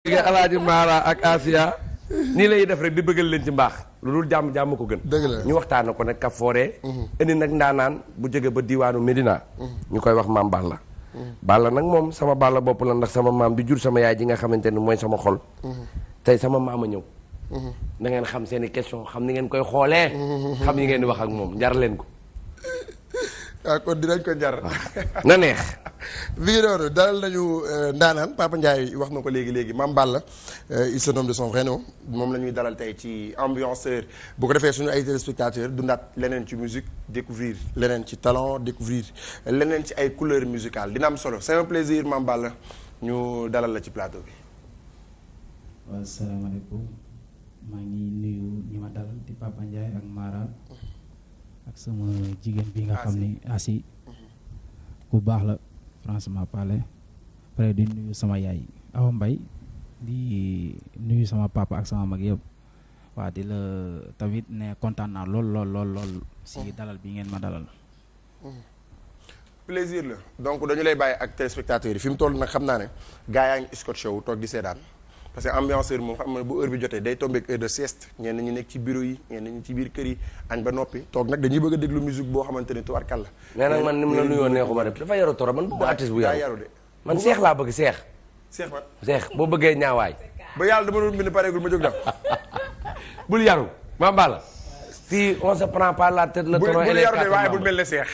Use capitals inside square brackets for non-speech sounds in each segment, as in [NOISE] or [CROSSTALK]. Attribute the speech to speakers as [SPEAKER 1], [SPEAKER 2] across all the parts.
[SPEAKER 1] léegi alaaji Mara ak Asia nii lay def rek di bëggal leen ci mbaax lu dul jàmm jàmm ko gën ñu waxtaana ko nag ka foore mhm. indi nag naan bu jege ba diwaanu Médina mhm. ñu koy wax maam Balla mhm. Balla nag moom sama Balla bopp la ndax sama maam bi jur sama yaay ji nga xamante ni mooy sama xol tey sama maam a ñëw na ngeen xam seeni question xam ni ngeen koy xoolee xam yi ngeen di wax ak moom njar leen ko Ah, kon dinañ ko jar. Ah. na neex. bi ngi noonu dalal nañu euh, ndaanaan Papa wax na ko léegi léegi Mame Balla euh, il se nomme de son vrai moom la ñuy dalal tey ci ambianceur bu ko defee suñu ay téléspectateurs dundaat leneen ci musique découvrir leneen ci talent découvrir leneen ci ay couleurs musicales dina am solo c'est un plaisir Mame Balla ñu dalal la ci plateau bi.
[SPEAKER 2] waaw salaamaaleykum maa ngi nuyu ñi ma dalal di Papa ak Mara. ak sama jigéen bi nga xam ni asi mm-hmm. ku baax la franchement parler après di nuyu sama yaay Awa Mbay di nuyu sama papa ak sama mag yëpp waa di la tamit ne kontaan naa lool lool lool lool si mm-hmm. dalal bi ngeen ma dalal mm-hmm. plaisir
[SPEAKER 1] la donc dañu lay bàyyi ak téléspectateurs yi fi mu toll nag xam naa ne gaa yaa ngi scotché wu toog di seedaan parce que ambianceur moom xam nga bu heure bi jotee day tombeek heure de sieste ñenn ñi nekk ci bureau yi ñenn ñi ci biir kër yi añ ba noppi toog nag dañuy bëgg a déglu musique boo xamante ni tubaarkàlla mais nag man ni mu la nuyoo neexuma def dafa yaru torop man bëgg artiste bu yaru de man seex laa bëgg seex seex man seex boo bëggee ñaawaay ba yàlla dama doon bind pareegul ma jóg [LAUGHS] bul yaru la si on se prend waaye bul mel ne seex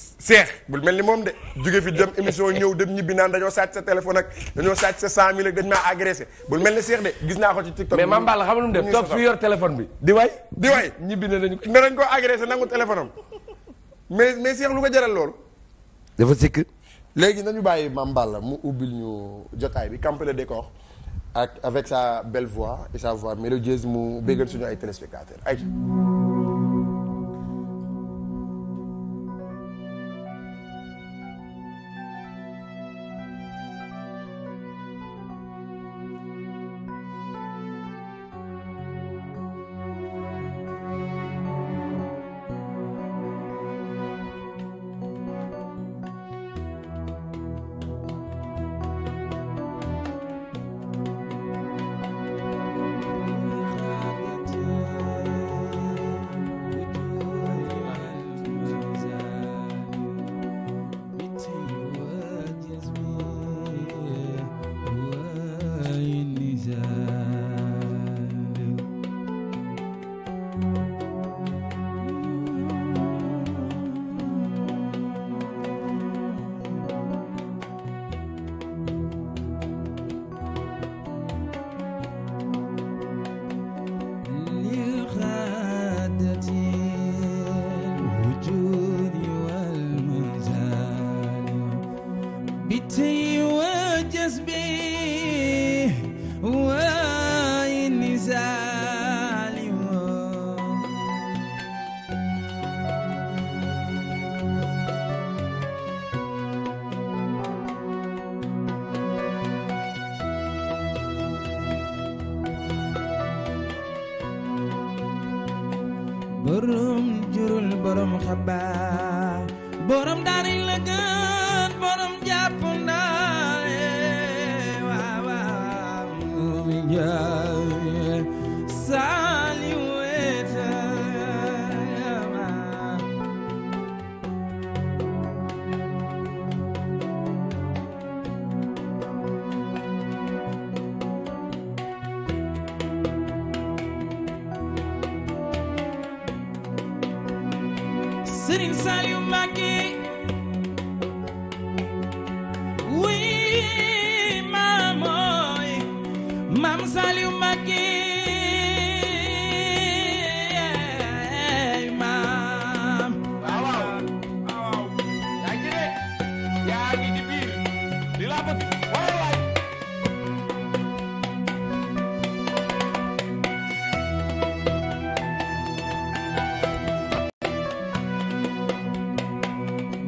[SPEAKER 1] seex bul mel ni moom de jóge fi dem émission ñëw dem ñibbi naan dañoo sàcc sa téléphone ak dañoo sàcc sa cent mille ak dañ maa agressé bul mel ni seex de gis naa ko ci tiktok mais Mame Balla xam lu mu def toog yor téléphone bi di way di way ñibbi na nañu ko ne dañ ko agressé nangu téléphone am mais mais seex lu ko jaral loolu dafa sikk léegi nañu bàyyi Mame Balla mu ubbil ñu jotaay bi camper le décor ak avec sa belle voix et sa voix mélodieuse mu béggal suñu ay téléspectateurs ay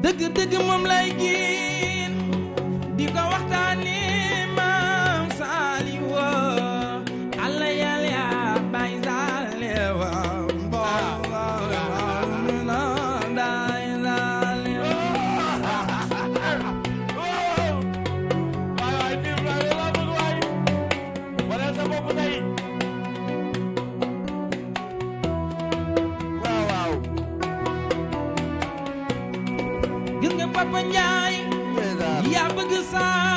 [SPEAKER 3] dëgg dëgg moom lay giin di ko waxtaani passar.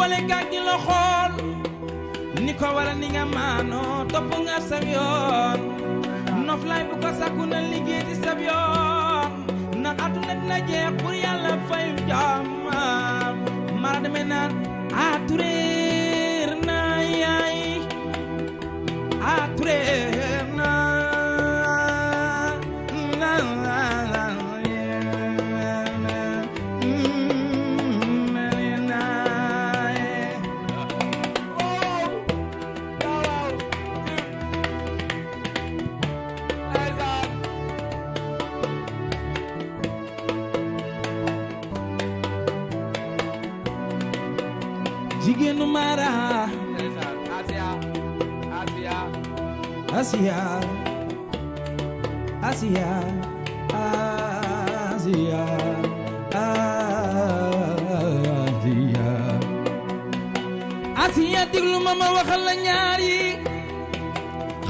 [SPEAKER 3] boole gàgg di la xool ni ko wara ni nga maanoo topp nga sab yoon noflaay bu ko sakku na liggéey di sab yoon na àdduna dina jeex pour yàlla fayu jàmm mara deme naan atureer naa yaay atureer Asia, Asia, ma ma waxal la ñaar yi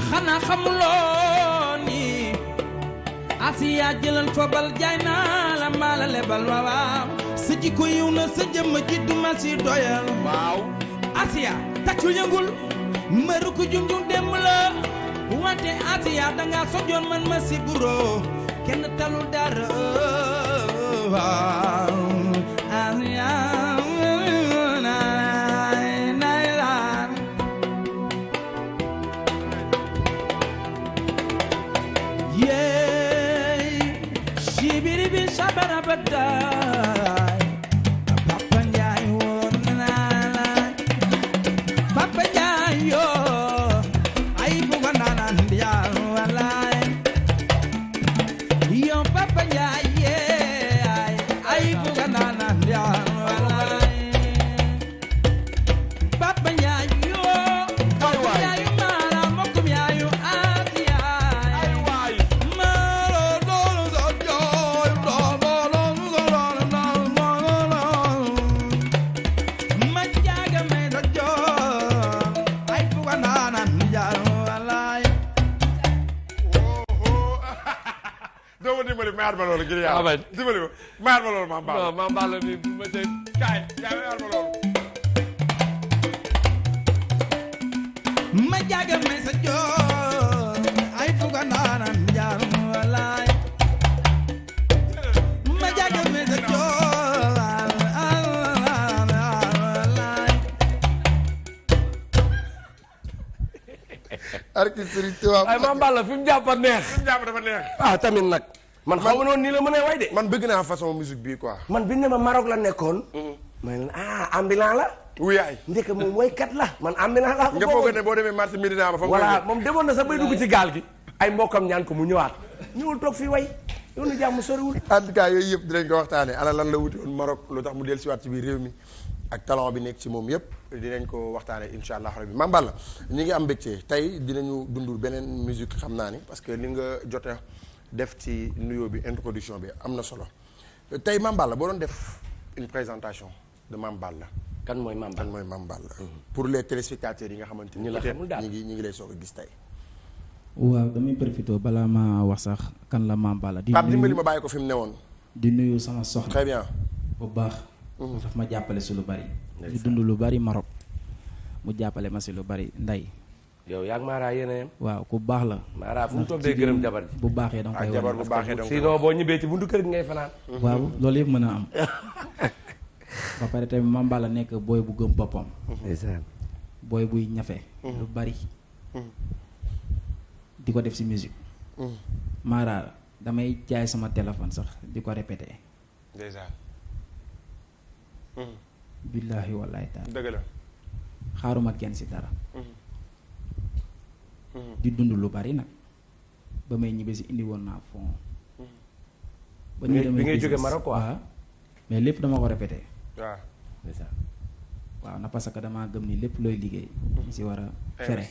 [SPEAKER 3] xanaa xamuloo ni Asia jëlal fobal jaay naa la maa la lebal waawaaw sa jikko yiw na sa jëmm ji duma si doyal waaw Asia tàccu yëngul mbëru ko jum jum dem la wante Asiya danga sojoon man ma si buro kenn talul dara waaw Asiya Shabarabadaa
[SPEAKER 1] waaw dimbali ma maar ma loolu maam Ba la maam Ba la mi ma dégg kaay kaay maar ma loolu.
[SPEAKER 3] ma jaaga may sa joor ay fuga naanan jaar mu walaay. ma jaaga may sa joor al al al walaay.
[SPEAKER 1] arki sëriñ Tuubaa ay maam Ba la fi mu jàpp a neex. fi mu jàpp dafa neex. ah tamit nag. man xam ma noonu nii la mënee way de. man bëgg naa façon musique bii quoi. man bi ne ma Maroc la nekkoon. Mm-hmm. ma ne ah ambulant la. wuyaay ndek moom waykat la. man ambulant laa ko nga ne boo demee marché Médina ba fa. moom demoon na sax bay dugg ci gaal gi. ay mbokkam ko mu ñëwaat. ñëwul toog fii way. yoonu jàmm soriwul. en tout cas yooyu yëpp dinañ ko waxtaanee ala lan la wuti woon Maroc lu tax mu dellusiwaat ci biir réew mi. ak talent bi nekk ci moom yëpp dinañ ko waxtaanee incha allah rabbi Mame Balla ñu ngi am mbégte tey dinañu dundul beneen musique xam naa ni parce que li nga jota def ci nuyo bi introduction bi am na solo tey Mame Balla boo doon def une présentation de Mame la kan mooy Mame Balla kan mooy Mame mhm. pour les téléspectateurs yi nga xamante ni. ñu la xamul daal ñu ngi lay soog a gis tey.
[SPEAKER 2] waaw damay profité balaa ma wax sax kan la Mame Balla. di dimbali ma bàyyi ko fi mu newoon. di nuyu sama soxna. très bien bu baax. Mhm. daf ma jàppale si lu bari. dund lu bari Maroc mu jàppale ma si lu bari nday yow yaa ngi Mara yéen waaw ku baax la. Mara fu mu toog dee gërëm jabar ji bu baaxee da nga koy ah, bu baaxee da
[SPEAKER 1] nga koy ci buntu kër gi ngay fanaan. waaw
[SPEAKER 2] loolu yëpp mën a am. ba pare tamit Mamba la nekk booy bu gëm boppam. ndeysaan booy buy ñafe. Mm-hmm. lu bari. Mm-hmm. di ko def si musique. Mm-hmm. Mara damay jaay sama téléphone sax di ko répété. billaahi wallaahi taala. xaaruma kenn si dara. di dund lu bari nag ba may ñibbi si indi woon naa fond.
[SPEAKER 1] ba ñu demee bi ngay jóge Maroc quoi ah.
[SPEAKER 2] mais lépp dama ko répété.
[SPEAKER 1] waaw c'est ça.
[SPEAKER 2] waaw na parce que damaa gëm ni lépp looy liggéey. ñu si war a fere.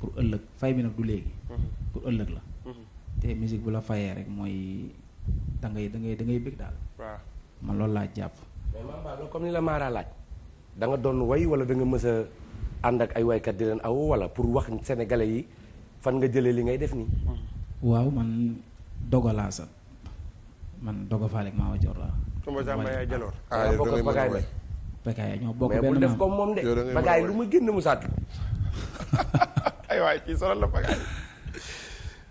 [SPEAKER 2] pour ëllëg fay bi nag du léegi. Mhm. pour ëllëg la. Mhm. te musique bu la fayee rek mooy da ngay da ngay da bëgg daal. waaw man laa jàpp. comme ni la Mara laaj
[SPEAKER 1] doon way wala da nga ànd ak ay waykat di leen aw wala pour wax sénégalais yi fan nga jëlee li ngay def nii.
[SPEAKER 2] waaw man dogo laa sax man dogo faale maa wa jor laa. Sumba Samba yaay jaloor. Ah, a waay Pekaay ñoo bokk benn
[SPEAKER 1] maam mais ma génn mu sàtt.
[SPEAKER 2] [LAUGHS] ay waay kii la Pekaay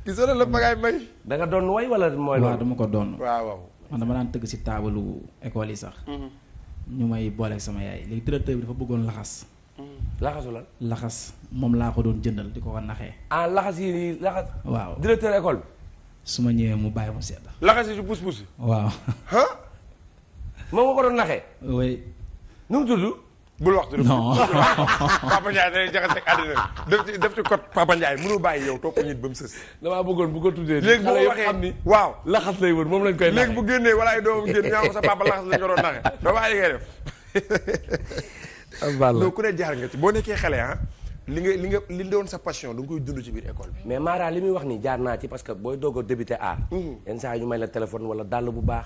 [SPEAKER 1] kii doon way wala dama
[SPEAKER 2] ko doon. waaw waaw man dama daan si taabalu école yi sax. Mhm. ñu may booleeg sama yaay léegi directeur bi dafa bëggoon laxas. laxasu la laxas moom laa ko doon jëndal di ko ko naxee.
[SPEAKER 1] ah laxas yi nii laxas.
[SPEAKER 2] waaw directeur école. su ma ñëwee mu bàyyi mu sedd.
[SPEAKER 1] laxas yi ci pousse pousse. waaw. ah. moom nga ko doon naxee. oui. nu mu tudd. bul wax tudd. non [LAUGHS] Papa Ndiaye day def ci def ci code Papa bàyyi yow topp nit ba mu sës. damaa bëggoon bu ko tuddee. léegi bu waxee xam waaw. laxas lay wër moom lañ koy naxee léegi bu génnee walaay doomam génn ñaa ko sa papa laxas lañ ko doon naxee. doo bàyyi def. [LAUGHS] non ku ne jaar nga ci boo nekkee xale ah li nga li nga li doon sa passion da nga koy dund ci biir école bi mais Mara li muy wax ni jaar naa ci parce que booy doog a débuté art yenn saa yi ñu may la téléphone wala dàll bu baax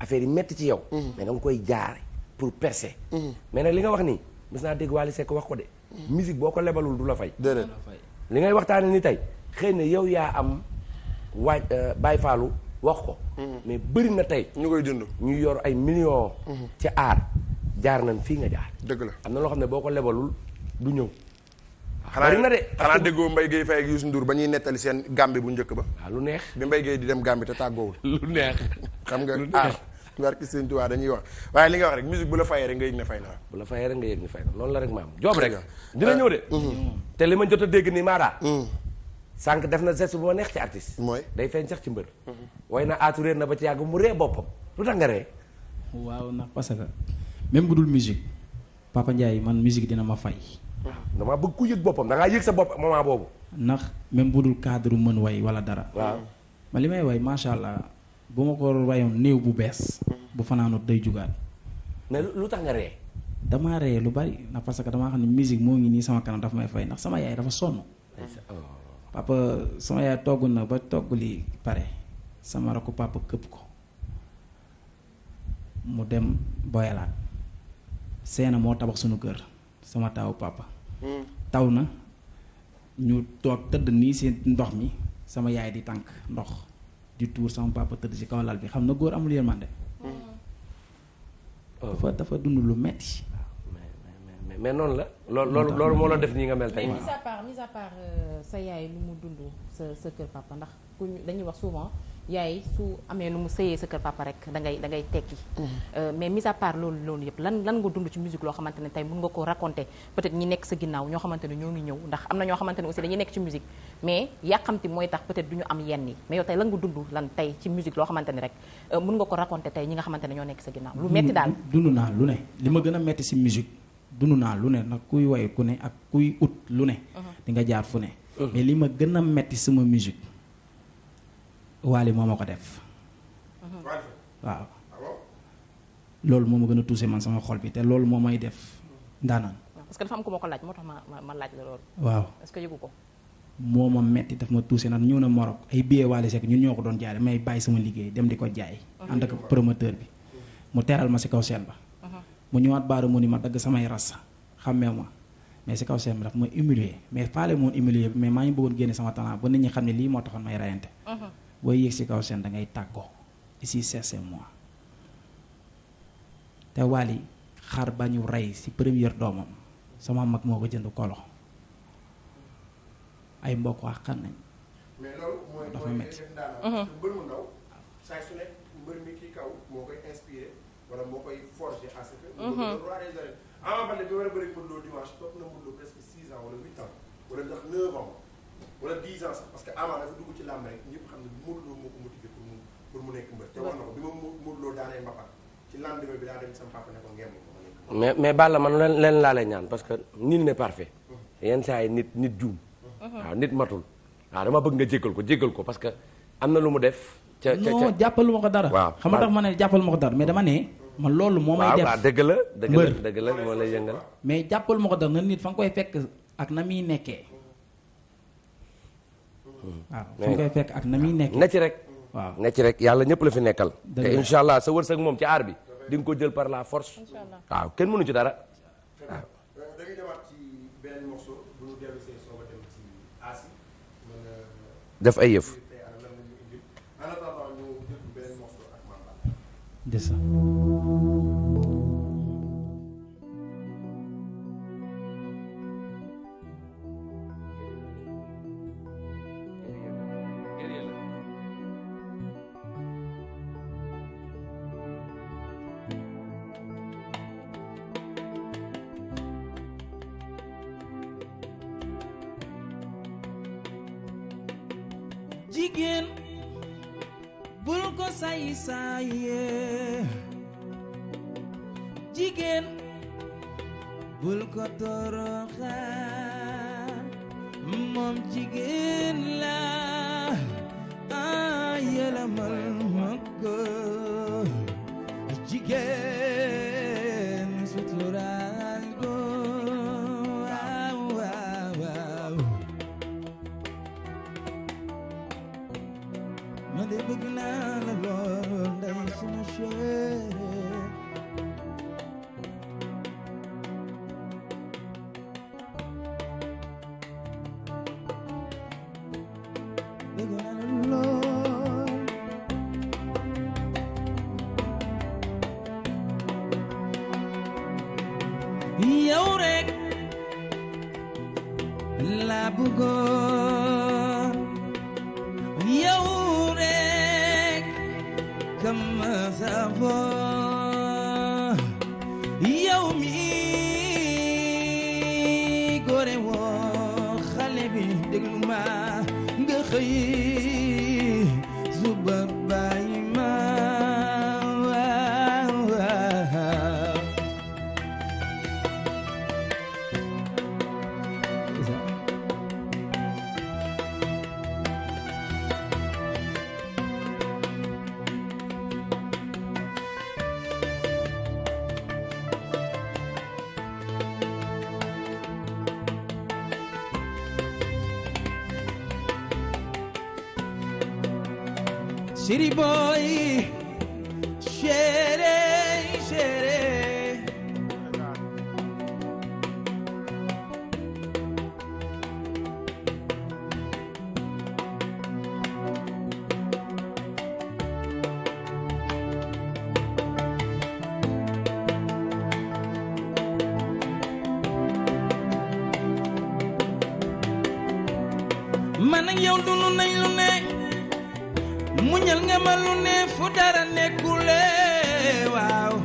[SPEAKER 1] affaire yi métti ci yow mais da nga koy jaar pour percer mais nag li nga wax nii mës naa dégg Wally Seck wax ko de musique boo ko lebalul du la fay déedéet li ngay waxtaane ni tey xëy na yow yaa am waaj baay euh, Fallou wax ko mais bëri na tey ñu koy dund ñu yor ay millions ci art jaar nañ fii nga jaar. dëgg la am na loo xam ne boo ko lebalul du ñëw. xanaa na de xanaa déggoo Mbaye Gueye Faye ak Youssou ba ñuy nettali seen Gambie bu njëkk ba. waaw lu neex bi Mbaye Gueye di dem Gambie te tàggoowul. [LAUGHS] lu neex xam nga lu aar ah, barki Sëñ waa dañuy wax waaye li nga wax rek musique bu la fayee rek nga yëg ne fay na la fayee rek nga yëg ne fay na la rek maam joob rek dina ñëw de euh, euh. te li ma jot a dégg ni Mara euh. sànq def na geste bu ma neex ci artiste mooy day feeñ sax ci mbër na aatu réer na ba ci yàgg mu ree boppam lu tax nga ree
[SPEAKER 2] même bu dul musique Papa Ndiaye man musique dina ma fay. damaa bëgg ku yëg boppam da yëg sa bopp moment boobu. ndax même bu dul cadre mën way wala dara. waaw man li may way macha allah bu ma ko wayoon néew bu bees. bu fanaanut day jugaat.
[SPEAKER 1] mais lu tax nga ree.
[SPEAKER 2] damaa ree lu bari ndax parce que damaa xam ne musique moo ngi nii sama kanam dafa may fay ndax sama yaay dafa sonn. papa sama yaay togg na ba togg lii pare sama rakku papa këpp ko mu dem boyalaat seena moo tabax suñu kër sama taaw papa. Hmm. taw na ñu toog tëdd nii si ndox mi sama yaay di tànk ndox di tuur sama papa tëdd si kaw lal bi xam na góor amul yërmande. Hmm. dafa dafa dund lu metti
[SPEAKER 1] mais noonu la loolu moo la def nii nga mel tey. mais mis
[SPEAKER 4] à part mis à part euh, sa yaay lu mu dund sa sa kër papa ndax ku wax souvent. yaay su amee nu mu sëyee sa kër papa rek da ngay da ngay tekki mm. euh, mais mis part loolu loolu yëpp lan lan nga dund ci musique loo xamante ne tey mën nga ko raconter peut-être ñi nekk sa ginnaaw ne ñoo ngi ñëw ndax am na ñoo xamante ne aussi dañuy nekk ci musique mais yàqamti mooy tax peut-être du ñu am tey lan nga dund lan ne rek euh, mën nga ko raconter ñoo nekk sa ginnaaw lu metti daal
[SPEAKER 2] dund naa lu ne li ma gën a metti si musique dund naa lu ne nag kuy way ku ne ak kuy ut lu ne uh-huh. di nga jaar fu ne uh-huh. mais li ma gën a metti sama musique waali moo ma ko def waaw loolu moo ma gën a touché man sama xol bi te loolu moo may def ndaanaan
[SPEAKER 4] parce que dafa am ku ma ko laaj moo tax ma ma laaj la loolu waaw que ko
[SPEAKER 2] moo ma metti daf ma touché nag ñëw na Maroc ay billet Wally Seck ñun ñoo ko doon jaay may bàyyi sama liggéey dem di ko jaay mhm. ànd ak promoteur bi mu teral ma si kaw seen ba mhm. mu ñëwaat baaru mu ni ma dagg samay ras xàmmee ma mais si kaw seen bi daf ma humilier mais faale moon humilier bi maa sama talent ba xam ne lii moo taxoon may rayante mhm. booy yéeg ci kaw seen da ngay tàggoo ici c'est moi te Wally xar ba ñu rey ci première doomam sama mag moo ko jënd kolo ay mbokk wax xam nañ
[SPEAKER 1] dafa métti mhm. mbër mi kii kaw moo koy inspiré wala moo koy forger à ce que. Mhm. roi des arènes Ama Baldé bi war a bëri Modou Lô dimanche toog na Modou Lô presque 6 ans wala 8 ans wala ndax 9 ans. wala 10 ans ma Modou Lo daanee
[SPEAKER 2] mais mais Balla
[SPEAKER 1] man leen leen ñaan parce que nit ne parfait mm-hmm. yenn saa yi nit nit juum mm-hmm. waaw nit matul waaw dama bëgg nga jéggal ko jéggal ko parce que am na lu mu def ca ca non jàppalu ma ko dara waaw xam nga tax
[SPEAKER 2] ma ne jàppalu ma ko dara mais dama ne ma loolu moo may def dëgg
[SPEAKER 1] la dëgg la dëgg la moo lay
[SPEAKER 2] yëngal mais jàppalu ma ko dara na nit fa nga koy fekk ak na muy nekkee
[SPEAKER 1] waaw fi nga koy fekk nekk na ci rek waaw na ci rek yàlla ñëpp la fi nekkal te incha allah sa wërsëg moom ci aar bi di nga ko jël par la force waaw kenn mënu ci dara def ay yëf
[SPEAKER 3] man de bëgg naa la lool
[SPEAKER 5] ndey suma chérie
[SPEAKER 3] City boy, Shere, Shere. man ak yow dund nañ lu ne. muñal nga ma lu ne fu dara nekkule waaw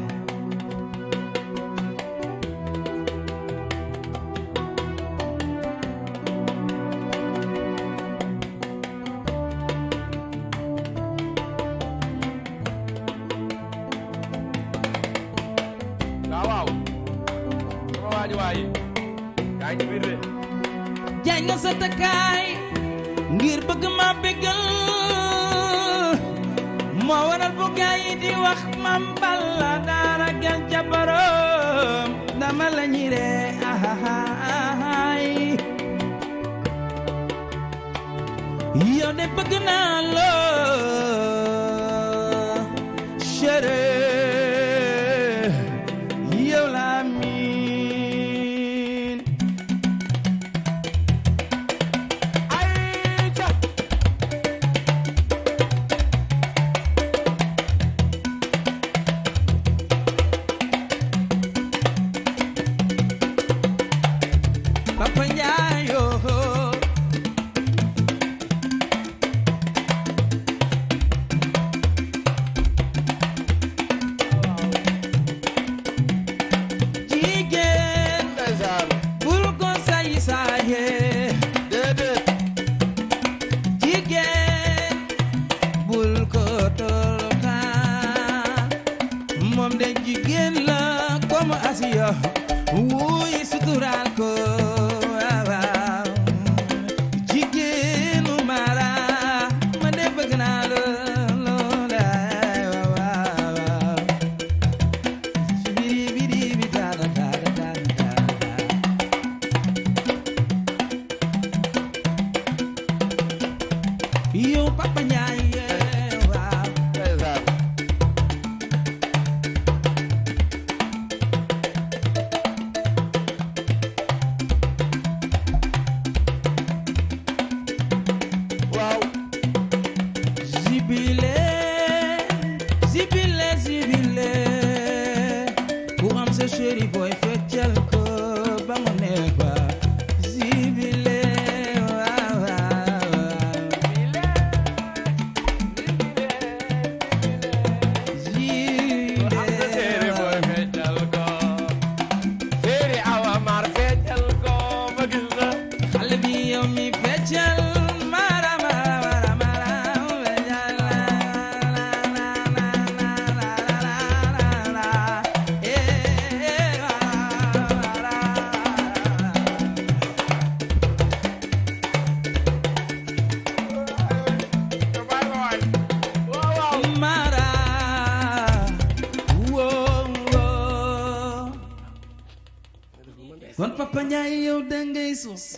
[SPEAKER 3] yow dangay e sus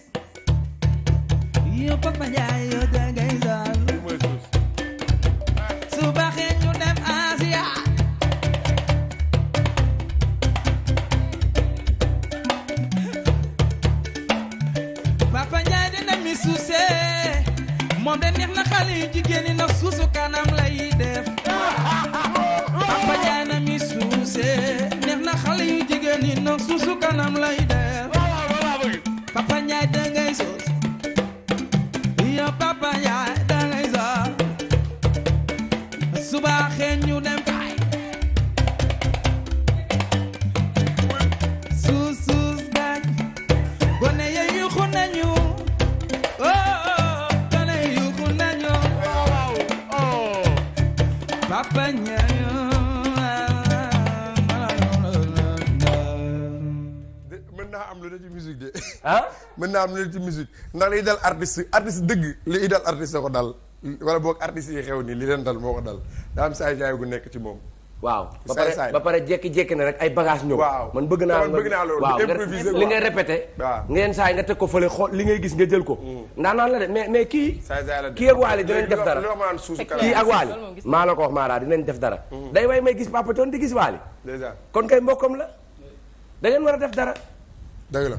[SPEAKER 3] yow e Papa Njaay yow
[SPEAKER 1] am na ci musique ndax liy dal artiste artiste dëgg liy dal artiste ko dal wala boog artistes yi xew li leen dal moo ko dal daa am nekk ci moom. waaw ba pare ba pare jékki-jékki na rek ay bagage ñëw. waaw man bëgg naa bëgg naa loolu waaw li ngay répété. waaw nga teg ko fële xool li ngay gis nga jël ko. Mm. ndax naan la de mais mais kii. kii ak waali dinañ def dara kii ak waali maa la ko wax Mara dinañ def dara. Mm. day way may gis Papa Thione di gis waali. kon kay mbokkam la dangeen ngeen war a def dara. dëgg la.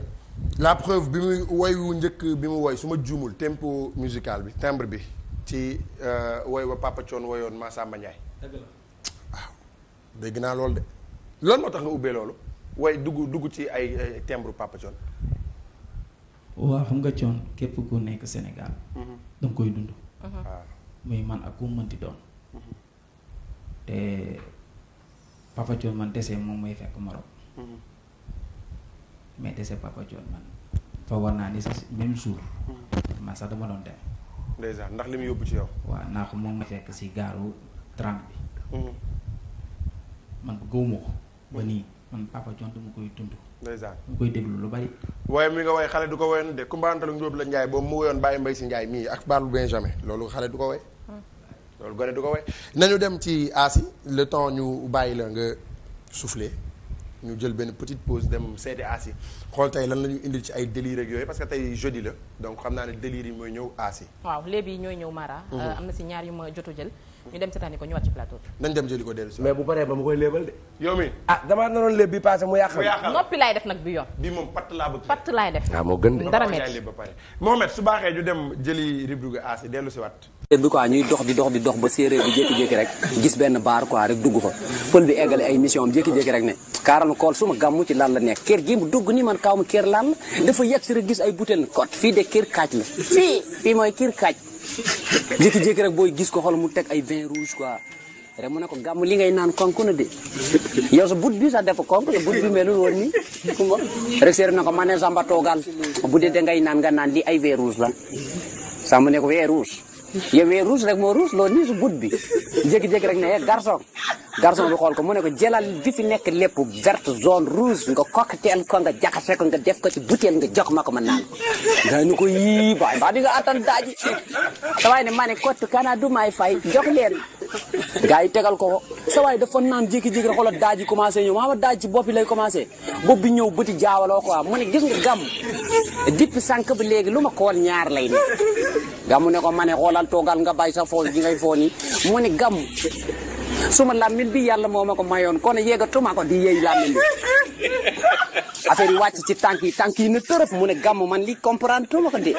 [SPEAKER 1] la preuve bi muy woy wu njëkk bi mu woy su ma juumul tempo musical bi timbre bi ci euh, woy wa Papa Thione woyoon Massamba Ndiaye waaw dégg naa loolu de loolu moo tax nga ubbee loolu woy dugg dugg ci ay timbre Papa Thione
[SPEAKER 2] waaw xam nga Thione képp ku nekk Sénégal mhm. danga koy dund mhm. ah. muy man ak ku mënti doon mhm. te Papa man desee moom may fekk Maroc mais dese papa Thione man fa war naa ni sa même jour man sax dama doon dem déjà ndax li mu yóbbu ci yow waa naa ko moom ma fekk si gaaru tram bi hmm. man gëwuma ko ba hmm. nii man papa Thione dama koy dund déjà koy déglu lu bari
[SPEAKER 1] waaye mi nga woy xale du ko woyoon de kumbaantalu njóob la njaay boobu mu woyoon bàyyi mbay si njaay mii ak barlu benjamin loolu xale du ko woy hmm. loolu gone du ko woy nañu dem ci aasi le temps ñu bàyyi la nga souffler ñu jël benn petite pause dem seede aas yi xool tey lan la ñu indil ci ay délire yooyu parce que tey jeudi la donc xam naa ne délir yi mooy ñëw aas yi.
[SPEAKER 4] waaw léegi ñooy ñëw Mara. Mhm. Euh, am na si ñaar yu ma jot jël. ñu dem seetaani ko ñëwaat ci plateau bi.
[SPEAKER 1] nañ dem jëli ko dellu si. mais bu paree ba mu koy léebal de. yow mi ah damaa naroon léeb bi passé mu yàqal. mu
[SPEAKER 4] noppi laay def nag bi yoon. bi moom patt laay def. waaw ah, moo gën de dara métti ba pare.
[SPEAKER 1] Mohamed su baaxee ñu dem jëli rubrique AC dellu si waat.
[SPEAKER 6] bi ñuy dox di dox di dox ba séeréer bi jékki-jékki rek gis benn baar quoi rek dugg ko pël bi eggale ay mission am jékki-jékki rek ne kaaral ma kool suma gàmmu ci lan la nekk kër gii mu dugg nii man kaw ma kër lan la dafa yegg si rek gis ay butéel na kot fii de kër kaaj la fii fii mooy kër kaaj jékki-jékki rek booy gis ko xool mu teg ay vin rouge quoi rek mu ne ko gàmm li ngay naan konk na de yow sa but bi sax def konk sa but bi melul woon nii kumba rek seer na ko ma ne samba toogal bu de ngay naan nga naan li ay vin rouge la samba ne ko vin [LAUGHS] yow yee ruus rek moo ruus loolu nii su but bi jékki rek ne eh garçon garçon bi ko mu ko jëlal di fi nekk lépp verte zone rouge nga cocktail ko nga jaxase ko nga def ko ci butéel nga jox ma ko ma naan daa ñu ko yii baay mbaa di nga daaji sa ne maa ne kott kana du may fay jox leen gars yi tegal ko ko sa waay dafa naan jékki-jékki rek xoolal daaj yi commencé ñëw maama daaj ci bopp bi lay commencé bopp bi ñëw bëti jaawaloo quoi mu ne gis nga gàmm dipp sànq bi léegi lu ma xool ñaar lay ni gàmm ne ko ma ne xoolal toogal nga bàyyi sa foo gi ngay foo ni mu ne gàmm suma làmmiñ bi yàlla moo ma ko mayoon kon yeggatuma ko di yeey làmmiñ bi affaire yi wàcc ci tànk yi tànk yi ne tërëf mu ne gàmm man li comprendre tuma ko de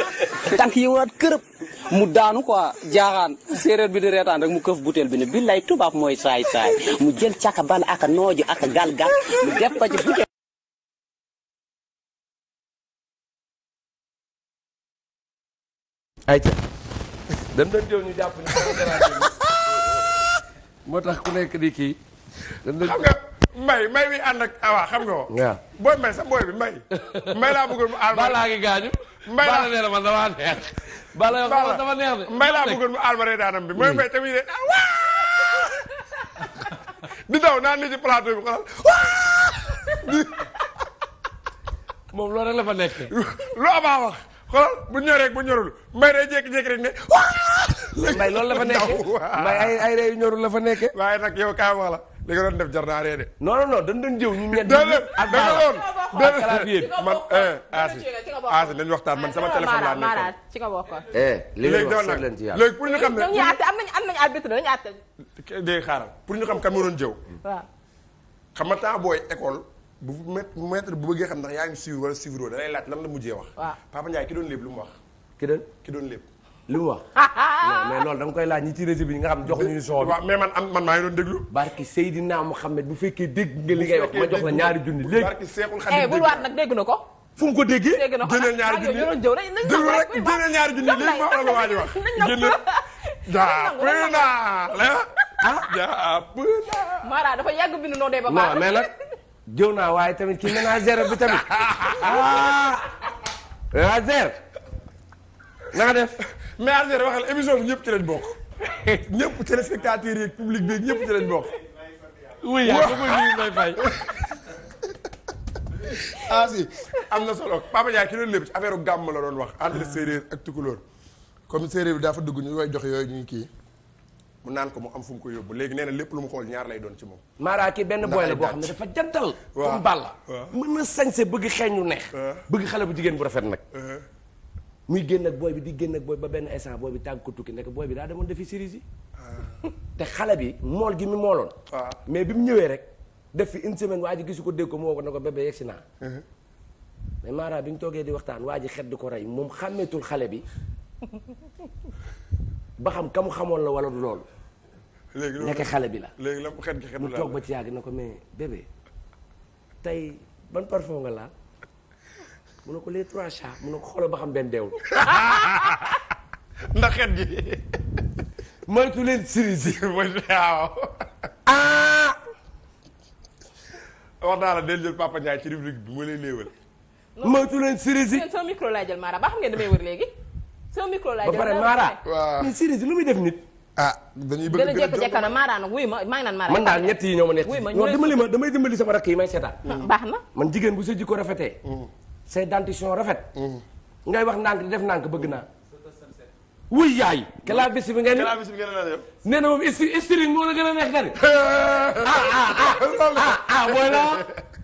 [SPEAKER 6] tànk yi waraat kërëb mu daanu quoi jaaxaan séeréer bi di reetaan rek mu këf butéel bi ne billaay tubaab mooy saay saay mu jël caka ban aka nooju aka gal-gal mu def ko ci butéel
[SPEAKER 1] moo tax ku nekk di kii. xam nga mbay mbay awa xam nga ko. booy mbay sa booy bi mbay. mbay laa bëggoon mu aal ma. bi mooy mm. mbay tamit de ah, waa. di daw naan ni ci plateau bi xoolal moom loolu rek la fa nekk. lu abaa wax xoolal bu ñoree bu ñorul mbay day jékki-jékki rek ne waa. mbay loolu la fa nekkee [LAUGHS] mbay ay ay réunion la fa nekkee waaye nag yow kaa wax la li nga doon def jar naa ree de non non non dañ doon jëw ñu ñett ak da nga doon man aasi aasi lañ waxtaan man sama téléphone laa nekkoon
[SPEAKER 4] ci nga bokkoon eh,
[SPEAKER 1] léegi doon nag léegi pour ñu xam ne ñoom ñu
[SPEAKER 4] àtte am nañ am nañ arbitre dañu àtte
[SPEAKER 1] dégg xaaral pour ñu xam kan moo doon jëw waaw xam nga temps booy école bu maître bu bëggee xam ndax yaa ngi suivre wala suivre da lay laaj lan la mujjee wax papa Ndiaye ki doon lépp lu mu wax ki doon ki doon lépp li mu wax. [LAUGHS] mais loolu da nga koy laaj ñi ci régie bi nga xam jox ñu émission bi. waaw mais man am man maa ngi doon déglu. barki Seydina Mouhamed bu fekkee dégg nga li ngay wax ma jox la ñaari junni léegi. barki Seexul Xadiim eh, bul waat nag dégg na ko. fu mu ko déggee génneel ñaari junni déglu rek génneel ñaari junni léegi ma waral waa ji wax génneel jàpp naa la ah jàpp
[SPEAKER 4] naa. Mara dafa yàgg bindu noo dee ba. non mais nag
[SPEAKER 1] jëw naa waaye tamit ki ménagère bi tamit [LAUGHS] ah ménagère na nga def. mais Arjara waxal émission bi ñëpp ci lañ bokk ñëpp téléspectateurs yeeg public bi ñëpp ci lañ [LAUGHS] ah, na solo Papa Ndiaye ki lépp ci affaire la doon wax entre ah. ak tukulóor comme séeréer dugg ñu koy joxe yooyu ñuy kii mu naan ko mu am fu ko yóbbu léegi nee na lépp lu mu xool ñaar lay doon ci moom. Mara benn boy boo xam ne dafa jantal. waaw comme Balla. mën na sañse bëgg xeeñ ñu neex. bëgg xale bu jigéen bu rafet nag. muy génn ak booy bi di génn ak booy ba benn instant booy bi tàgg ko tukki nekk booy bi daa demoon defi séries ah. [LAUGHS] yi te xale bi mool gi mu mooloon ah. mais bi mu ñëwee rek def fi une semaine waa ji gisu ko dégg ko mu ko ne ko bébé yegsi uh-huh. bi ñu toogee di waxtaan waa ji xet ko rey moom xàmmeetul xale bi [LAUGHS] ba xam ka xamoon la wala du loolu léegi nekk xale bi la léegi la mu xet gi xet toog ba ci yàgg na ko mais bébé tey ban parfum nga laal mu ne ko les trois chats mu ne ko xoolal ba xam benn deewul. [LAUGHS] ndax xet gi. moytu leen cerise. [LAUGHS] waaw. Ah! wax naa la del jël Papa Ndiaye ci rubrique bi ma lay léewal.
[SPEAKER 4] moytu leen cerise. sama micro laay jël Mara ba xam ngeen damay wër léegi. sama micro laay jël ba pare Mara.
[SPEAKER 1] waaw mais cerise lu muy def nit. ah dañuy bëgg gën a jekk jekk na
[SPEAKER 4] Mara nag wuy ma maa ngi naan Mara. man daal ñett yi
[SPEAKER 1] ñoo ma nekk. wuy ma ñooy non dimbali ma damay dimbali sama rakk yi may seetaan. baax na man jigéen bu sa jikko rafetee. Mm. say dentition rafet. Mm-hmm. ngay wax ndànk di def ndànk bëgg naa. wuy yaay. clavier bi ngeen. bi ngeen naan yow. na moom string moo la gën a neex dari. [LAUGHS] Ah, ah, ah, ah ah ah booy la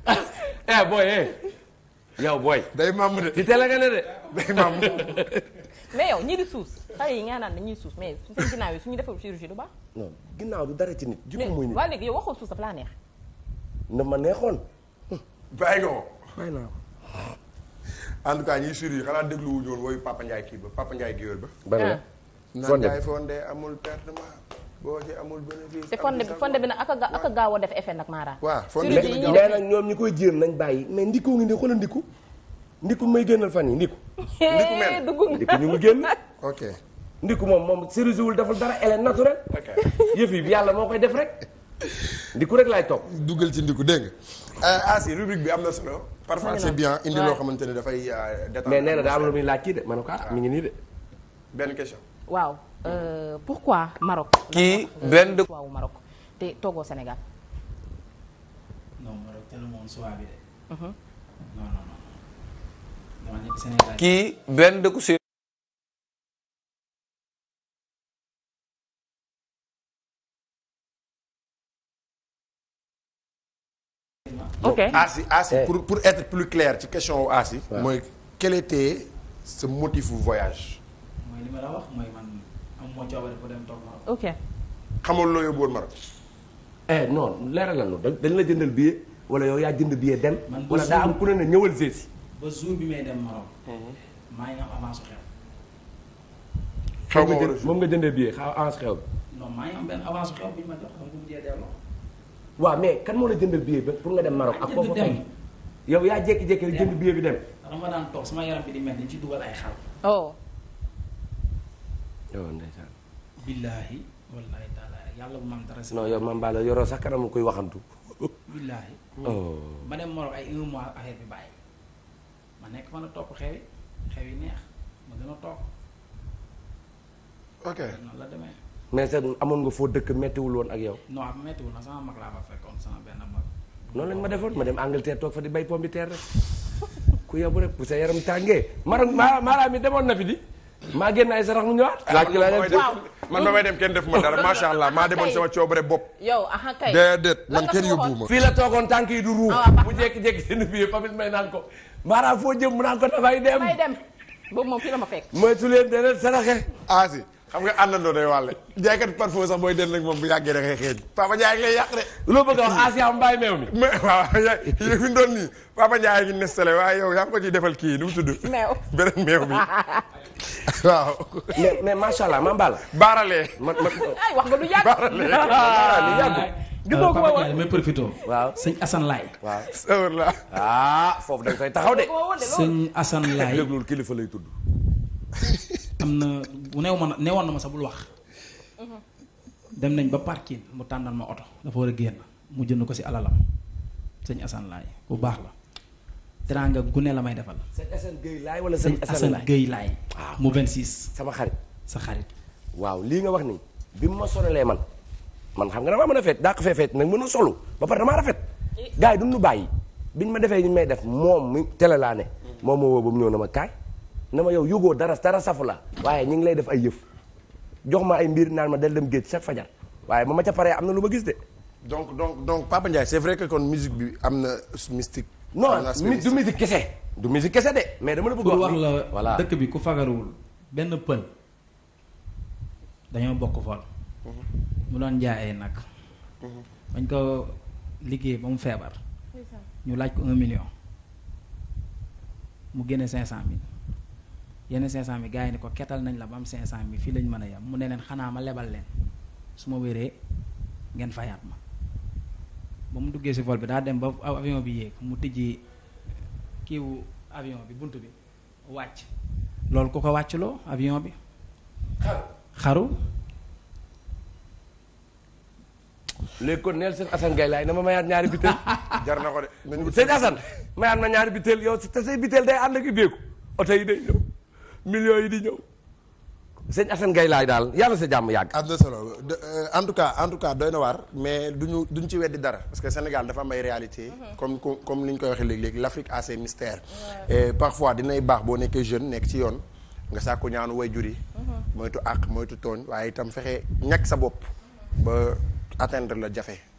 [SPEAKER 1] [LAUGHS] eh booy eh. yow booy. day maam de. di teel a nga ne de. day maam.
[SPEAKER 4] [LAUGHS] mais yow ñii suus xale yi nga naan dañuy suus mais suñu ginnaaw yi suñu defee chirurgie du baax.
[SPEAKER 1] non ginnaaw du dara ci nit. jikko muy nit waa
[SPEAKER 4] léegi yow waxoo suus dafa laa neex.
[SPEAKER 1] ma neexoon. bàyyi en tout cas ñuy suivre yi xanaa déglu wuñu woon wooyu Papa Ndiaye kii ba Papa Ndiaye ba. bëri na
[SPEAKER 4] ah. fonde naan
[SPEAKER 1] fonde amul pertement boo ci amul bénéfice.
[SPEAKER 4] te fonde bi fonde bi nag ak a gaaw a def effet nag maara. waaw fonde bi ñoom
[SPEAKER 1] ñi koy jéem nañ bàyyi mais ndikku ngi ne xoolal ndikku ndikku may génnal fan yi ndikku. ndikku mel
[SPEAKER 4] ndikku ñu ngi génn.
[SPEAKER 1] ok ndikku moom moom cerise wul deful dara elle est yëf yi yàlla moo koy def rek. ndikku rek laay topp. dugal ci ndikku dégg nga. Euh, Asi bi am na solo parfois c'est bien indi loo xamante ne dafay euh, détaillé. mais nee na daa am lu muy laaj kii de ma ne ko ah ngi nii de. benn question.
[SPEAKER 4] waaw euh, pourquoi Maroc. kii euh, benn dëkku waaw Maroc te toogoo Sénégal. Mhm.
[SPEAKER 2] Sénégal kii
[SPEAKER 1] benn dëkku si.
[SPEAKER 2] ok Asi Asi eh. pour pour
[SPEAKER 1] être plus clair ci question wu Asi. waaw mooy quel était ce motif bu voyage.
[SPEAKER 2] mooy li ma la wax mooy man am moo coobare bu dem toog Maroc.
[SPEAKER 4] ok
[SPEAKER 1] xamul loo yóbbuwoon Maroc. eh non leeralal la dañ la jëndal billet wala yow yaa jënd billet dem. wala daa am ku ne ne ñëwal Zézi.
[SPEAKER 2] ba jour bi may dem Maroc. Mhm. maa ngi am avance xew.
[SPEAKER 1] xew moom nga jëndee billet xaw avance xew bi.
[SPEAKER 2] non maa ngi am benn avance xew bu ñu ma jox xam nga mu jee delloo.
[SPEAKER 1] waaw mais kan moo la jëndal billet ba pour nga yow yaa jékki-jékki rek jënd
[SPEAKER 2] billet bi dem. xam nga daan toog sama yaram bi di mel ni ci dugal ay xal. oh. yow ndeysaan. billaahi wallaahi taala yàlla bu ma dara si. non yow man Ba la yoroo sax kanamu koy waxantu. billaahi. Oh. ma dem Maroc ay un mois affaire bi bàyyi. ma nekk mën a topp xew yi xew yi neex ma gën a toog. la demee.
[SPEAKER 1] mais sax amoon nga foo dëkk méttiwul woon ak yow.
[SPEAKER 2] non ah, méttiwul na sama mag laa fa
[SPEAKER 1] ma defoon ma dem Angleterre toog fa di bay pomme de terre rek sa yaram tàngee maram maa na fi di. maa génn ay sarax mu ñëwaat. laaj ki laa man ba may dem kenn def ma dara macha allah maa demoon sama coobare bopp.
[SPEAKER 4] yow aha kay fii la
[SPEAKER 1] toogoon tànk du ruux. Ah, mu jékki-jékki seen biir famille may naan ko. maara foo jëm mu naan ko dafay dem.
[SPEAKER 4] boobu moom fii la ma fekk.
[SPEAKER 1] moytu leen dana saraxe. Ah, xam nga àndandoo day wàlle jaaykat parfois sax booy den rek moom bu yàggee da ngay xeeñ Papa Ndiaye ngi lay yàq de loo bëgg a wax Asia waaye yow yaa defal kii nu mu tudd meew beneen meew bi [LAUGHS] waaw mais mais macha ma ma ay [LAUGHS]
[SPEAKER 2] sëñ Assane Laye waaw ah, foofu da taxaw de sëñ Assane Laye déglul kilifa lay tudd am na néew ma néewoon na ma sax bul wax. dem nañ ba parking mu tànnal ma oto dafa war a génn mu jënd ko si alalam sëñ Assane laay bu baax la. teraanga gune la may defal.
[SPEAKER 1] sëñ Assane Gueye laay wala sëñ Assane
[SPEAKER 2] Gueye laay waaw ah, mu 26. sama xarit sa
[SPEAKER 1] xarit. waaw lii nga wax ni bi mu ma sonalee man man xam nga damaa mën a feet daa ko fee feet nag mën a solu ba pare damaa rafet. Eh. gars yi duñu bàyyi biñ ma defee ñu may def moom mi tele laa ne. Mm. moom moo woo ba mu ñëw na ma kaay. na ma yow yógoo dara dara safu la waaye ñu ngi lay def ay yëf jox ma ay mbir naan ma del dem géej chaque fajar waaye ba ma ca pare am na lu ma gis de. donc donc donc Papa Ndiaye c'est vrai que kon musique bi am na mystique. non du musique kese.
[SPEAKER 2] du musique kese de mais dama la bëgg wax la voilà dëkk bi ku fagaruwul benn pël dañoo bokk fa mhm. mu doon jaayee nag. Mhm. bañ ko liggéey ba mu feebar. ñu laaj ko un million mu génne cinq cent mille. yenn 500000 gars yi ni ko ketal nañ la ba am 500000 fii lañ mën a yem mu ne leen xanaa ma lebal leen su ma wéree ngeen fayaat ma ba mu duggee si vol bi daa dem ba avion bi yéeg mu tijji kiiwu avion bi bunt bi wàcc loolu ku ko wàcculoo avion bi. xaru xaru. léegi kon neel
[SPEAKER 1] seen Assane Gueye laay na ma mayaat ñaari biteel [LAUGHS] jar na ko de. sëñ Assane mayaat ma ñaari biteel yow te say biteel day ànd ak ubbeeku oto yi day ñëw. millions yi di ñëw. sëñ Assane Gueye laay daal yàlla sa jàmm yàgg. am solo euh, en tout cas en tout cas doy na waar mais duñu duñ ci weddi dara parce que Sénégal dafa am ay réalité mm-hmm. comme comme ni ñu koy waxee léegi-léegi l' Afrique a ses mystères. parfois dinay baax boo nekkee jeune nekk ci yoon nga sàkku ñaanu way jur yi. Mm-hmm. moytu àq moytu tooñ waaye itam fexe ñàkk sa bopp ba atteindre la jafe.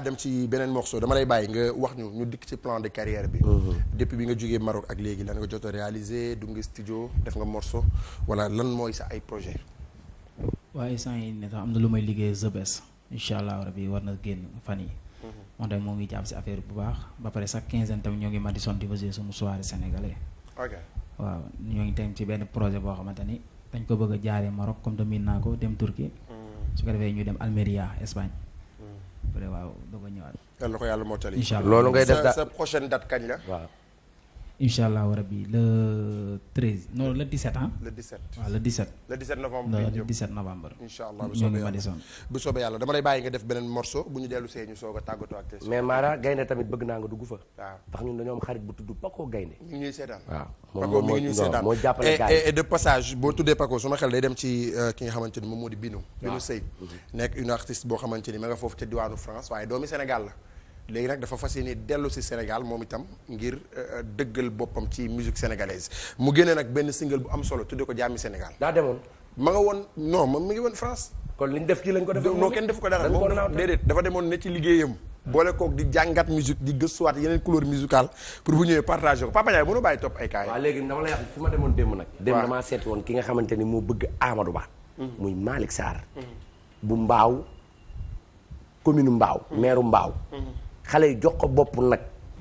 [SPEAKER 1] laataa dem ci beneen morceau dama lay bàyyi nga wax ñu ñu dikk ci plan de carrière bi. Mhm. depuis bi nga jógee Maroc ak léegi lan nga jot a réaliser du nga studio def nga morceau wala lan mooy sa ay projet
[SPEAKER 2] waaye sant yi ne tax am na lu may liggéey The Best incha allah rabi war na génn fan yi mhm. moom tamit moo ngi jàpp si affaire bu baax ba pare chaque quinzaine tam ñoo ngi Madison di vaser sumu soirée sénégalais. ok waaw ñoo ngi tamit ci benn projet boo xamante ni dañ ko bëgg a jaaree Maroc comme tamit naa ko dem Turquie. Mhm. su ko defee ñu dem Almeria Espagne. après waaw doo ko ñëwaat. yàlla na ko yàlla mottali. loolu ngay def sa la. waaw. incha allahu rabi le 13
[SPEAKER 1] non la 17 ah. le 17 waaw le 17. le 17 novembre bi le 17 novembre. incha allah bu soobee yàlla bu soobee yàlla dama lay bàyyi nga def beneen morceau bu ñu dellu see ñu soog a tàggatoo ak tey. mais Mara gaynde tamit bëgg naa nga dugg fa. waaw ndax ñun dañoo am xarit bu tudd Paco gaynde ñu ñuy seetaan. waaw moom mi ñuy seetaan moo jàppale gars yi de passage boo tuddee Paco ma xel day dem ci euh, ki nga xamante ni moom moo di Bino. waaw Bino mhm. boo xamante ni ma nga foofu ca diwaanu France waaye léegi nag dafa fas yéene dellu si Sénégal moom itam ngir euh, euh, dëggal boppam ci musique sénégalaise mu génne nag benn single bu am solo tudde ko Jaami Sénégal. daa demoon. ma nga woon non ma mi ngi woon France. kon ñu def ci lañ ko defee. non kenn def ko dara moom déedéet dafa demoon ne ci liggéeyam. boole kook di jàngat musique di gëstuwaat yeneen couleur musicale pour bu ñëwee partagé ko Papa Ndiaye mënu bàyyi topp ay kaay. waaw léegi dama lay wax fi ma demoon démb nag. démb damaa seet woon ki nga xamante ni moo bëgg Amadou Ba. Mm-hmm. muy Malick Sarr. Mm-hmm. bu Mbaaw Mbaaw. Mm-hmm. maire Mbaaw. xale yi jox ko bopp nag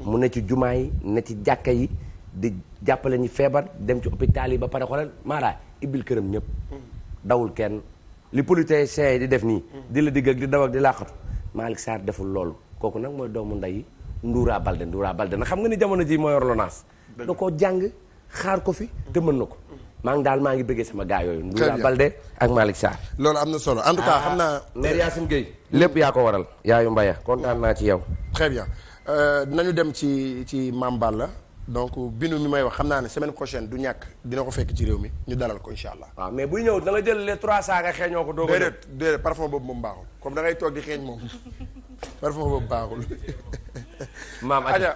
[SPEAKER 1] mu ne ci jumaa yi ne ci jàkka yi di jàppale ñu feebar dem ci hôpital yi ba pare xoolal maanaam ibbil këram ñëpp dawul kenn li politiciens yi di def nii di la digg di daw ak di laaxatu Malick Sarr deful loolu kooku nag mooy doomu nday Ndoura Balde Ndoura Balde na xam nga ni jamono ji moo yor lonaas da ko jàng xaar ko fi te mën na ko maa ngi daal maa ngi bëggee sama gaa yooyu. Ndoula Balde ak Malick Sarr. loolu am na solo en tout cas xam naa. Ah, Mère Yacine lépp yaa ko waral. yaayu mbaya Mbaye kontaan naa ci yow. très bien euh, nañu dem ci ci Mame Balla donc binu mi may wax xam naa ne semaine prochaine du ñàkk dina ko fekk ci réew mi ñu dalal ko incha allah. waaw mais buy ñëw da jël les trois saa nga xeeñoo ko. doog a déedéet déedéet parfum boobu moom baaxul comme da ngay toog di xeeñ moom [LAUGHS] parfum boobu baaxul. maam Adja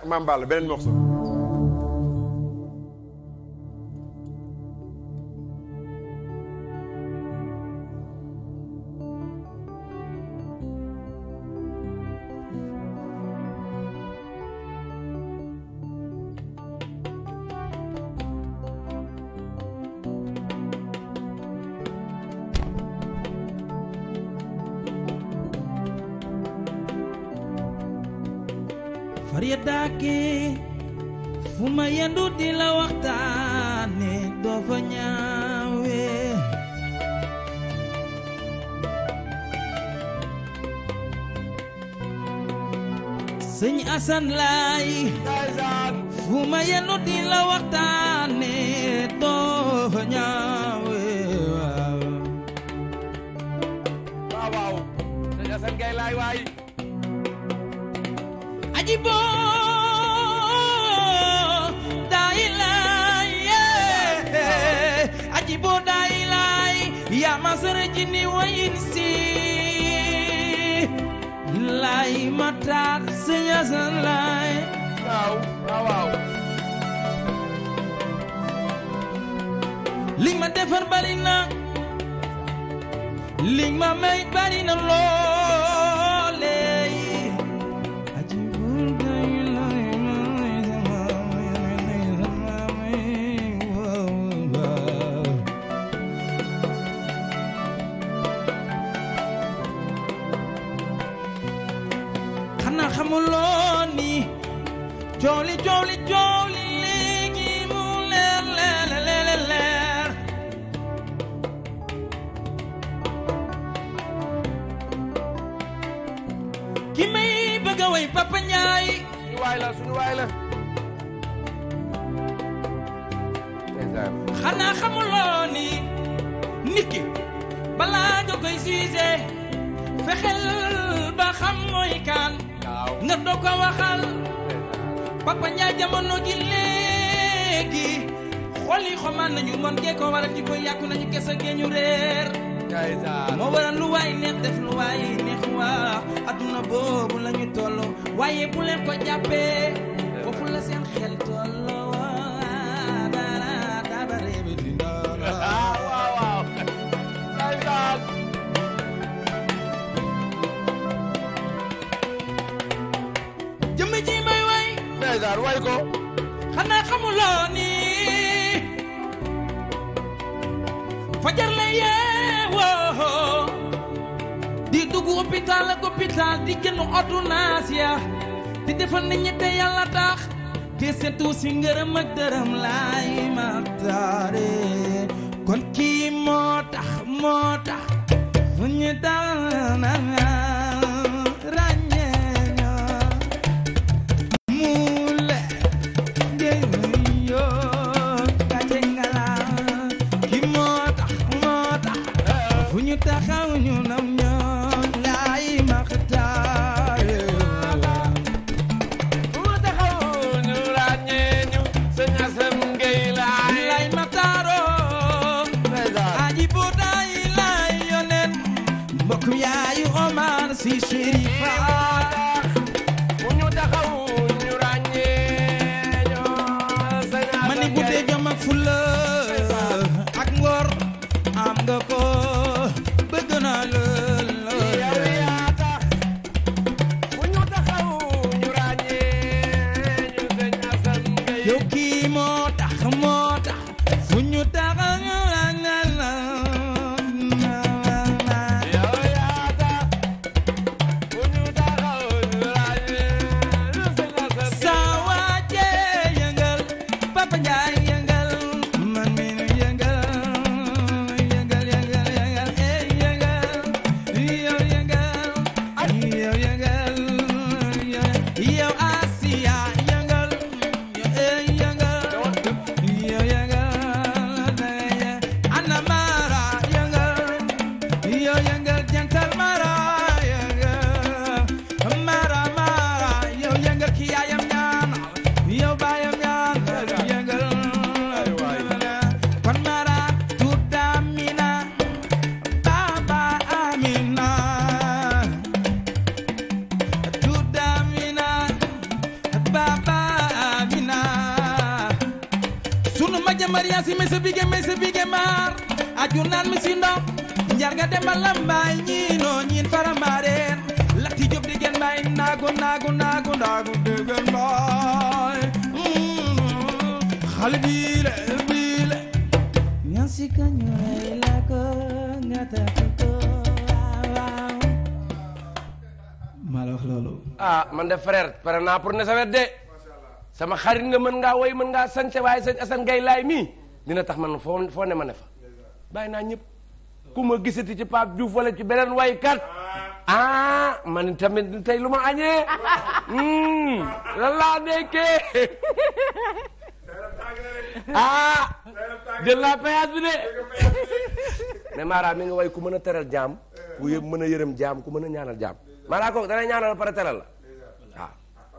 [SPEAKER 3] ndeysaan laay bu ma yenu di la waxtaan doesn't ma defar bari na ma may bari na li ko waral ji koy yàqu nañu kese gee ñu réer moo waral lu waay neex def lu waay neex wax adduna boobu lañu toll waaye bu leen ko jàppee hôpital di jënd ordonnance ya di defal nit ñi te yàlla tax te seetu si ngërëm ak dërëm laay maxtaare kon kii moo tax moo tax suñu dal na jur mi si ndox njar nga demba lambaay ñiinoo ñiin farambaareen latti di gen mbaay naagu naagu naagu naagu dëgën mbaay mm-hmm. xale biile biile si kañooy la ko nga takk ko
[SPEAKER 2] waaw loolu
[SPEAKER 1] ah man def frère pare naa pour ne sa wet de sama xarit nga mën ngaa woy mën ngaa sañse waaye sëñ Assane Gaye laay mii dina tax man foo foo ma ne bàyyi naa ñépp ku ma gisati ci Pape Diouf wala ci beneen waykat ah man tamit tey lu ma añee hmm, lan nekkee ah jël naa péage bi de mais Mara mi nga way ku mën a teral jaam ku mën a yërëm jaam ku mën a ñaanal jaam Mara kooku dana ñaanal pare teral la waaw ah,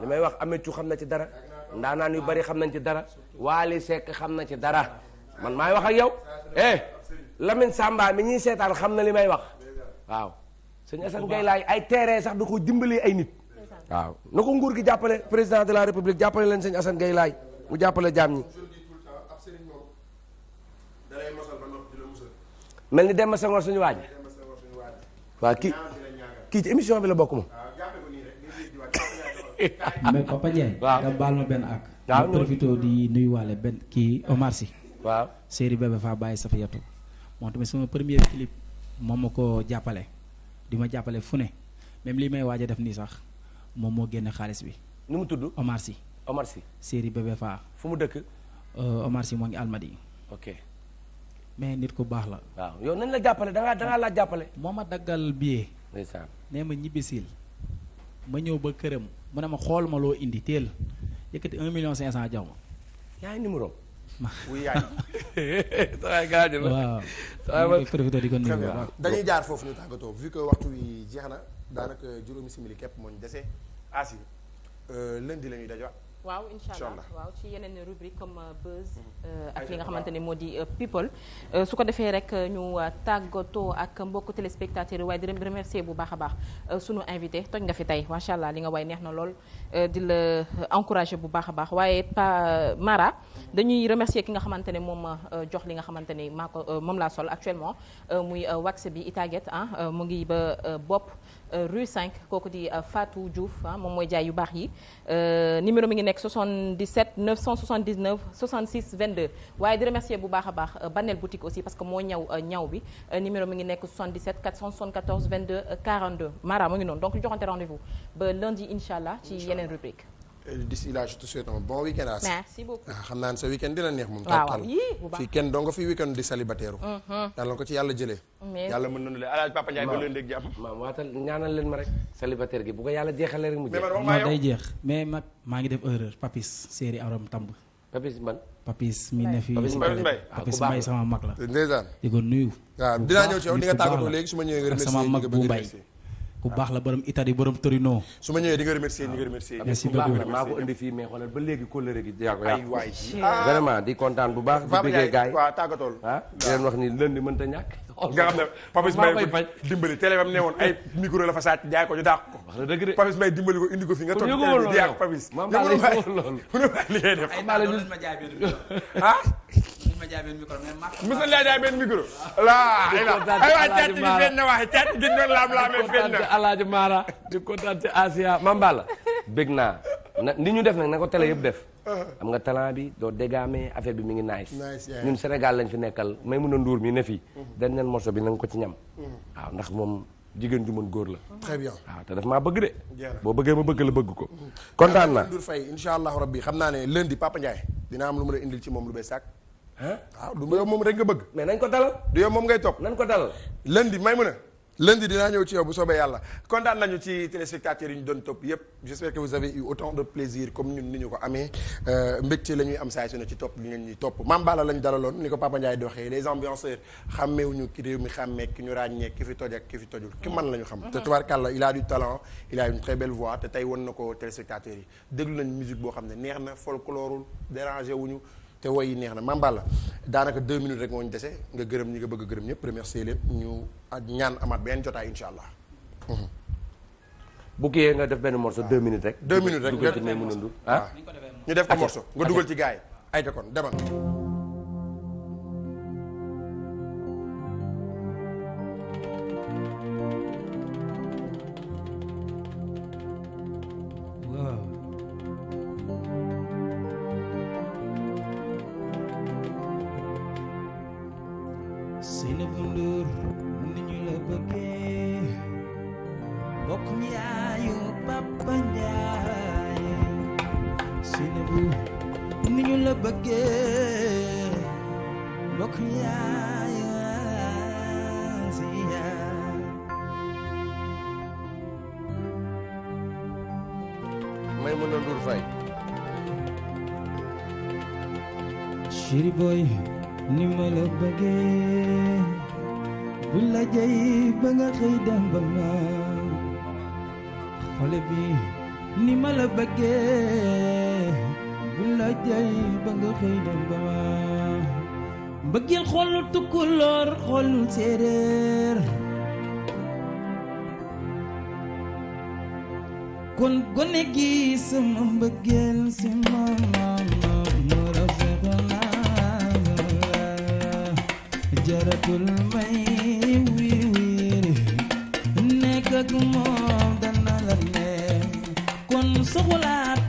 [SPEAKER 1] li may wax amecu xam na ci dara ndaa ndaanaan yu bari xam nañ ci dara Waly Seck xam na ci dara man may wax ak yow eh, Lamine Samba mi ñuy seetaan xam na li may wax waaw sëñ Assane Gueye laay ay terrain sax da ko dimbalee ay nit waaw na ko nguur gi jàppale président de la république jàppale leen sëñ Assane Gueye laay mu jàppale jaam ñi
[SPEAKER 6] mel ni Demba Senghor suñu waa waaw kii kii ci émission bi la bokk moom
[SPEAKER 2] [LAUGHS] mais Papa Ndiaye nga baal ma benn ak ma profité di nuyuwaale benn kii Omar Sy waaw séeri bébé faa bàyyi Safiyatou moom tamit suma premier clip moom ma ko jàppale di ma jàppale fu ne même lii may waaja def nii sax moom moo génne xaalis bi. nu mu tudd Omar Sy. Omar Sy série bébé faa. fu mu dëkk. Euh, Omar moo ngi Almadi. ok mais nit ku baax la. waaw yow nañ la jàppale da ngaa laa jàppale. moo ma daggal billet. ndeysaan nee ma ñibbisil ma ñëw ba këram mu ne ma xool ma loo indi teel yëkkati un million 500 jox ma. yaa ngi
[SPEAKER 1] wuy yaay. waaw gaañu la waaw. waaw dañuy jaar foofu ñu tàggatoo vu waxtu wi jeex na daanaka juróomi simili képp moo ñu dese as yi
[SPEAKER 4] euh, lañuy la waaw incha allah waaw ci yeneen rubrique comme euh, buzz. Mm-hmm. Euh, ak li nga xamante ne moo di euh, people. su ko defee rek ñu tàggatoo ak mbokku téléspectateur yi waaye di remercier bu baax a baax sunu invité toj nga fi tey macha allah li nga way neex na lool di la encourager bu baax a baax waaye pa Mara mm-hmm. dañuy remercier ki nga xamante ne moom ma jox li nga xamante ne maa ko moom laa sol actuellement muy wax bi Itaget ah mu ngi ba bopp rue 5 kooku di faatu Diouf ah, moom mooy jaay yu baax yi numéro mi ngi nekk nekk 77 979 66 22 waaye di remercier bu baax a baax euh, Banel boutique aussi parce que moo ñaw euh, ñaw bi euh, numéro mi ngi nekk 77 474 22 42 Mara mu ngi noonu donc ñu joxante rendez-vous ba lundi incha allah ci yeneen rubrique
[SPEAKER 1] d'ici là je te souhaite un bon week-end Asi.
[SPEAKER 4] merci ah,
[SPEAKER 1] xam naa ne sa week dina neex moom. waaw waaw fii kenn dong fi week di célibataire. Mm-hmm. yàlla na ko ci yàlla jëlee. yàlla mën nañu leen El Hadj Papa leen dégg jàmm. maam ma rek. célibataire gi bu ko yàlla jeexalee rek mu jeex. mais day
[SPEAKER 2] jeex mais mag maa ngi def erreur Papis séeri arom tamb. Papis man. ne fi Papis Mbaye ah, sama mag la. di ko nuyu. waaw dinaa ñëw ci yow di nga tàggatoo léegi su ma ñëwee nga remercier sama mag bu Mbaye bu baax la borom Italie borom Torino.
[SPEAKER 1] su ma ñëwee di nga remercier ñi nga remercier. merci beaucoup maa ko indi fii mais xoolal ba léegi kóllëre gi yaa ko yàq waay ah. di kontaan bu baax. di bëggee gaay waaw tàggatool ah di leen wax ni lënd mënta ñàkk nga xam ne Papis Mbaye ko dimbali télé bam ne woon ay la fa jaay ko ñu Papis Mbaye dimbali ko indi nga toog télé bi jaay Papis maam
[SPEAKER 2] li ngay def maa la ma jaay benn [LAUGHS] ah? laa jaay benn micro laa ay waa càcc gi
[SPEAKER 1] fenn na waaye càcc gi noonu laam laamee fenn na alaaji Mara di kontaan ci Asia Mambala bëgg naa na li ñu def nag na ko télé yëpp def. am nga talent bi doo dégaamee affaire bi mi ngi nice. ñun Sénégal lañ fi nekkal may mun a nduur mi ne fii. dañ leen morso bi na ko ci ñam. waaw ndax moom jigéen ju mën góor la. très bien waaw te daf maa bëgg de. boo bëggee ma bëgg la bëgg ko. kontaan naa Ndour Faye incha allahu rabbi xam naa ne lundi Papa Ndiaye dina am lu ma la indil ci moom lu ba sàkk. ah waaw du yow moom rek nga bëgg. mais nañ ko dalal. du yow moom ngay topp nañ ko dalal. lundi may mun lundi dinaa ñëw ci yow bu soobee yàlla kontaan nañu ci téléspectateurs yi ñu doon topp yépp j'espère que vous avez eu autant de plaisir comme ñun ni ñu ko amee euh, mbégte la ñuy am saa su ne ci topp li ngeen ñuy topp Mame Balla lañ dalaloon ni ko Papa Ndiaye doxee les ambianceurs xàmmeewuñu ki réew mi xàmmee ki ñu ràññee ki fi toj ak ki fi tojul ki man la ñu xam mm-hmm. te tubaarkàlla il a du talent il a une très belle voix te tey won na ko téléspectateurs yi déglu nañ boo xam ne neex na folklorul dérangé wuñu te woy yi neex na Mame la daanaka deux minutes rek moo ñu dese nga gërëm ñi nga bëgg gërëm ñëpp première séeréer ñu ñaan amaat benn jotaay incha allah. Mhm. bu kii nga def benn morceau deux minutes rek. deux minutes rek nga dugal ci ne ah. ñu def ko morceau dugal ci gars yi ayta kon demal. Mansour
[SPEAKER 3] ni ma la bëggee bu la jey ba nga xëy dem ba ma xole bi ni ma bëggee bu la jey ba ba ma mbëggeel xoolul tukkuloor xoolul séeréer kon gone gi sama mbëggeel si mama ma rafetlu naa jaratul may wii wii nekk ak moom dana la neex kon soxlaat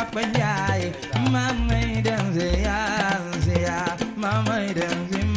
[SPEAKER 3] papa njaay maa may dem ziyaar ziyaar maa may dem ziyaar